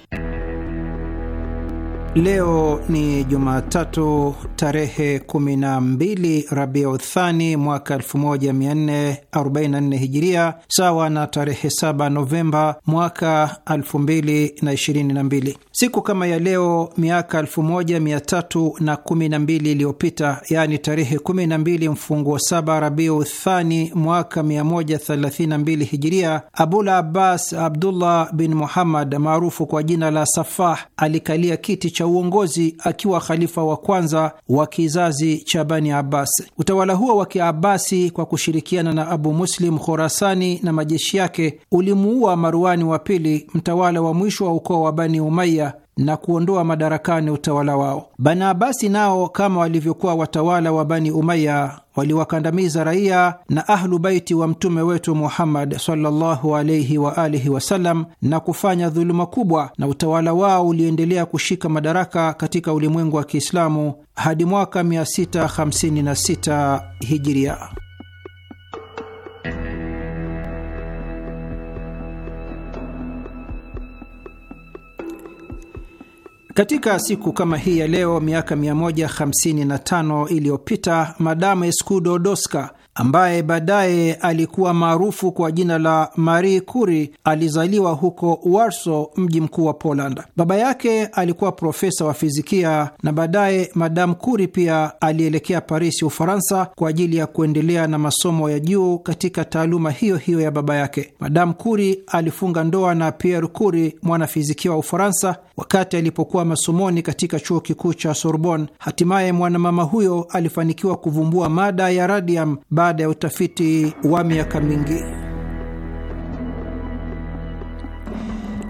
Leo ni Jumatatu tarehe 12 Rabiu Thani mwaka 1444 Hijiria, sawa na tarehe 7 Novemba mwaka 2022. Siku kama ya leo miaka 1312 iliyopita, yaani tarehe 12 mfunguo 7 Rabiu Thani mwaka 132 Hijiria, Abul Abbas Abdullah bin Muhammad maarufu kwa jina la Safah alikalia kiti cha cha uongozi akiwa khalifa wa kwanza wa kizazi cha Bani Abbas. Utawala huo wa Kiabasi kwa kushirikiana na Abu Muslim Khorasani na majeshi yake ulimuua Marwani wa pili, mtawala wa mwisho wa ukoo wa Bani Umaya na kuondoa madarakani utawala wao. Bani Abasi nao kama walivyokuwa watawala wa Bani Umaya waliwakandamiza raia na Ahlu Baiti wa mtume wetu Muhammad sallallahu alaihi wa alihi wasallam na kufanya dhuluma kubwa, na utawala wao uliendelea kushika madaraka katika ulimwengu wa Kiislamu hadi mwaka 656 hijiria. Katika siku kama hii ya leo miaka 155 iliyopita, madamu Escudo Doska, ambaye baadaye alikuwa maarufu kwa jina la Marie Curie alizaliwa huko Warsaw, mji mkuu wa Poland. Baba yake alikuwa profesa wa fizikia na baadaye madamu Curie pia alielekea Paris, Ufaransa, kwa ajili ya kuendelea na masomo ya juu katika taaluma hiyo hiyo ya baba yake. madamu Curie alifunga ndoa na Pierre Curie, mwanafizikia wa Ufaransa, wakati alipokuwa masomoni katika chuo kikuu cha Sorbonne. Hatimaye mwanamama huyo alifanikiwa kuvumbua mada ya radium baada ya utafiti wa miaka mingi.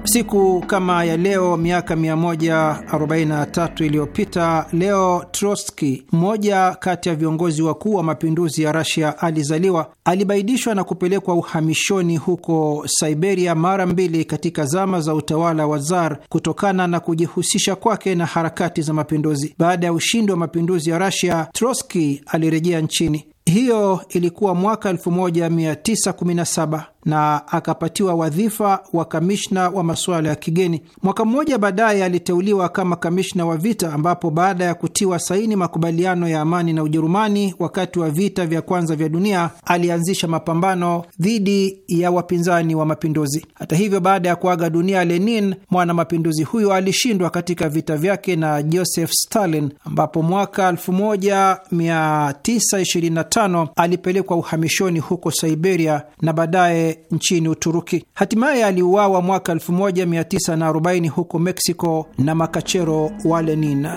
Siku kama ya leo miaka 143 iliyopita leo Trotsky, mmoja kati ya viongozi wakuu wa mapinduzi ya Rasia, alizaliwa. Alibaidishwa na kupelekwa uhamishoni huko Siberia mara mbili katika zama za utawala wa Tsar kutokana na kujihusisha kwake na harakati za mapinduzi. Baada ya ushindi wa mapinduzi ya Rasia, Trotsky alirejea nchini. Hiyo ilikuwa mwaka 1917 na akapatiwa wadhifa wa kamishna wa masuala ya kigeni. Mwaka mmoja baadaye aliteuliwa kama kamishna wa vita, ambapo baada ya kutiwa saini makubaliano ya amani na Ujerumani wakati wa vita vya kwanza vya dunia, alianzisha mapambano dhidi ya wapinzani wa mapinduzi. Hata hivyo, baada ya kuaga dunia Lenin, mwana mapinduzi huyo alishindwa katika vita vyake na Joseph Stalin, ambapo mwaka 1925 1945 alipelekwa uhamishoni huko Siberia na baadaye nchini Uturuki. Hatimaye aliuawa mwaka 1940 huko Meksiko na makachero wa Lenin.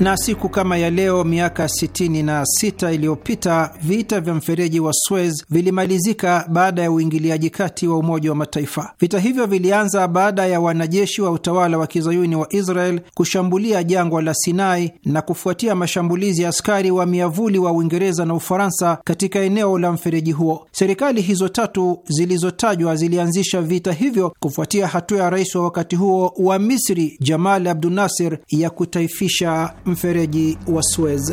Na siku kama ya leo miaka 66 iliyopita vita vya mfereji wa Suez vilimalizika baada ya uingiliaji kati wa Umoja wa Mataifa. Vita hivyo vilianza baada ya wanajeshi wa utawala wa kizayuni wa Israel kushambulia jangwa la Sinai na kufuatia mashambulizi ya askari wa miavuli wa Uingereza na Ufaransa katika eneo la mfereji huo. Serikali hizo tatu zilizotajwa zilianzisha vita hivyo kufuatia hatua ya rais wa wakati huo wa Misri Jamal Abdunasir ya kutaifisha mfereji wa Suez.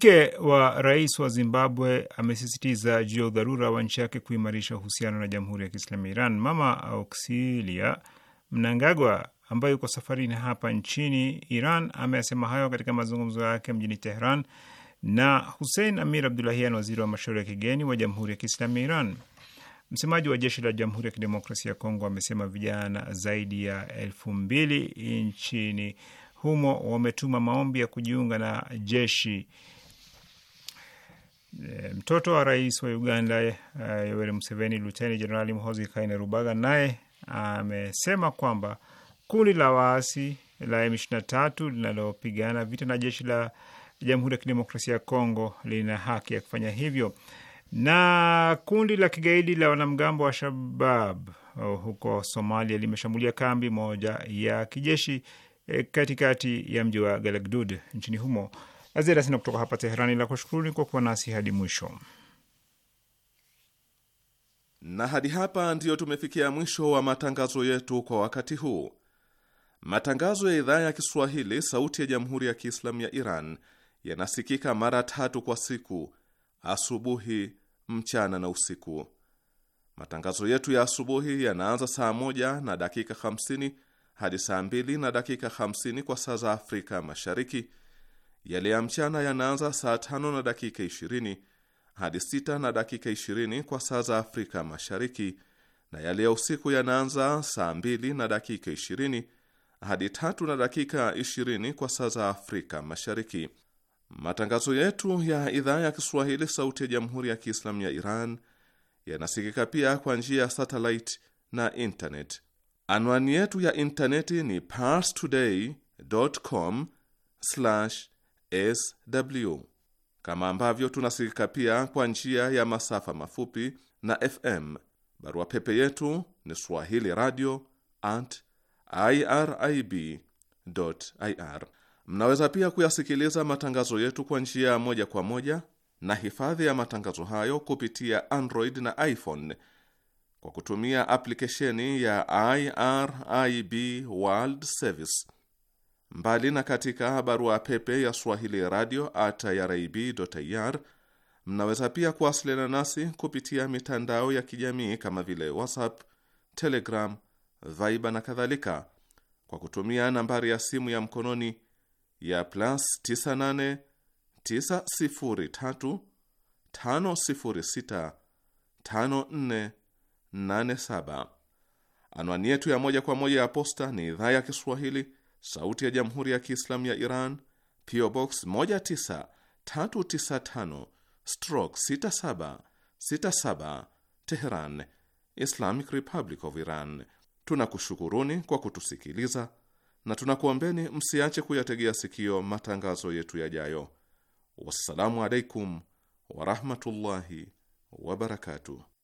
Mke wa rais wa Zimbabwe amesisitiza juu ya udharura wa nchi yake kuimarisha uhusiano na Jamhuri ya Kiislamu ya Iran. Mama Auxilia Mnangagwa ambaye yuko safarini hapa nchini Iran ameyasema hayo katika mazungumzo yake mjini Tehran na Hussein Amir Abdulahian, waziri wa mashauri ya kigeni wa Jamhuri ya Kiislamu ya Iran. Msemaji wa jeshi la Jamhuri ya Kidemokrasia ya Kongo amesema vijana zaidi ya elfu mbili nchini humo wametuma maombi ya kujiunga na jeshi Eh, mtoto wa rais wa Uganda eh, Yoweri Museveni, Luteni Jenerali kaine Kainerubaga naye amesema kwamba kundi la waasi la M23 linalopigana vita na jeshi la Jamhuri ya Kidemokrasia ya Kongo lina haki ya kufanya hivyo, na kundi la kigaidi la wanamgambo wa Shabab oh, huko Somalia limeshambulia kambi moja ya kijeshi eh, katikati ya mji wa Galagdud nchini humo ziada sina kutoka hapa Teherani la kushukuruni kwa kuwa nasi hadi mwisho. Na hadi hapa ndiyo tumefikia mwisho wa matangazo yetu kwa wakati huu. Matangazo ya idhaa ya Kiswahili sauti ya Jamhuri ya Kiislamu ya Iran yanasikika mara tatu kwa siku: asubuhi, mchana na usiku. Matangazo yetu ya asubuhi yanaanza saa moja na dakika 50 hadi saa mbili na dakika 50 kwa saa za Afrika Mashariki yale ya mchana yanaanza saa tano na dakika ishirini hadi sita na dakika ishirini kwa saa za Afrika Mashariki, na yale ya usiku yanaanza saa mbili na dakika ishirini hadi tatu na dakika ishirini kwa saa za Afrika Mashariki. Matangazo yetu ya idhaa ya Kiswahili sauti ya Jamhuri ya Kiislamu ya Iran yanasikika pia kwa njia ya satellite na internet. Anwani yetu ya intaneti ni parstoday.com/ sw, kama ambavyo tunasikika pia kwa njia ya masafa mafupi na FM. Barua pepe yetu ni swahili radio at irib ir. Mnaweza pia kuyasikiliza matangazo yetu kwa njia moja kwa moja na hifadhi ya matangazo hayo kupitia Android na iPhone kwa kutumia aplikesheni ya IRIB World Service. Mbali na katika barua pepe ya Swahili radio at irib.ir, mnaweza pia kuwasiliana nasi kupitia mitandao ya kijamii kama vile WhatsApp, Telegram, Viber na kadhalika, kwa kutumia nambari ya simu ya mkononi ya plus 98 Anwani yetu ya moja kwa moja ya posta ni idhaa ya Kiswahili Sauti ya Jamhuri ya Kiislamu ya Iran, PO Box 19395 stroke 6767 Teheran, Islamic Republic of Iran. Tunakushukuruni kwa kutusikiliza na tunakuombeni msiache kuyategea sikio matangazo yetu yajayo. Wassalamu alaikum warahmatullahi wabarakatuh.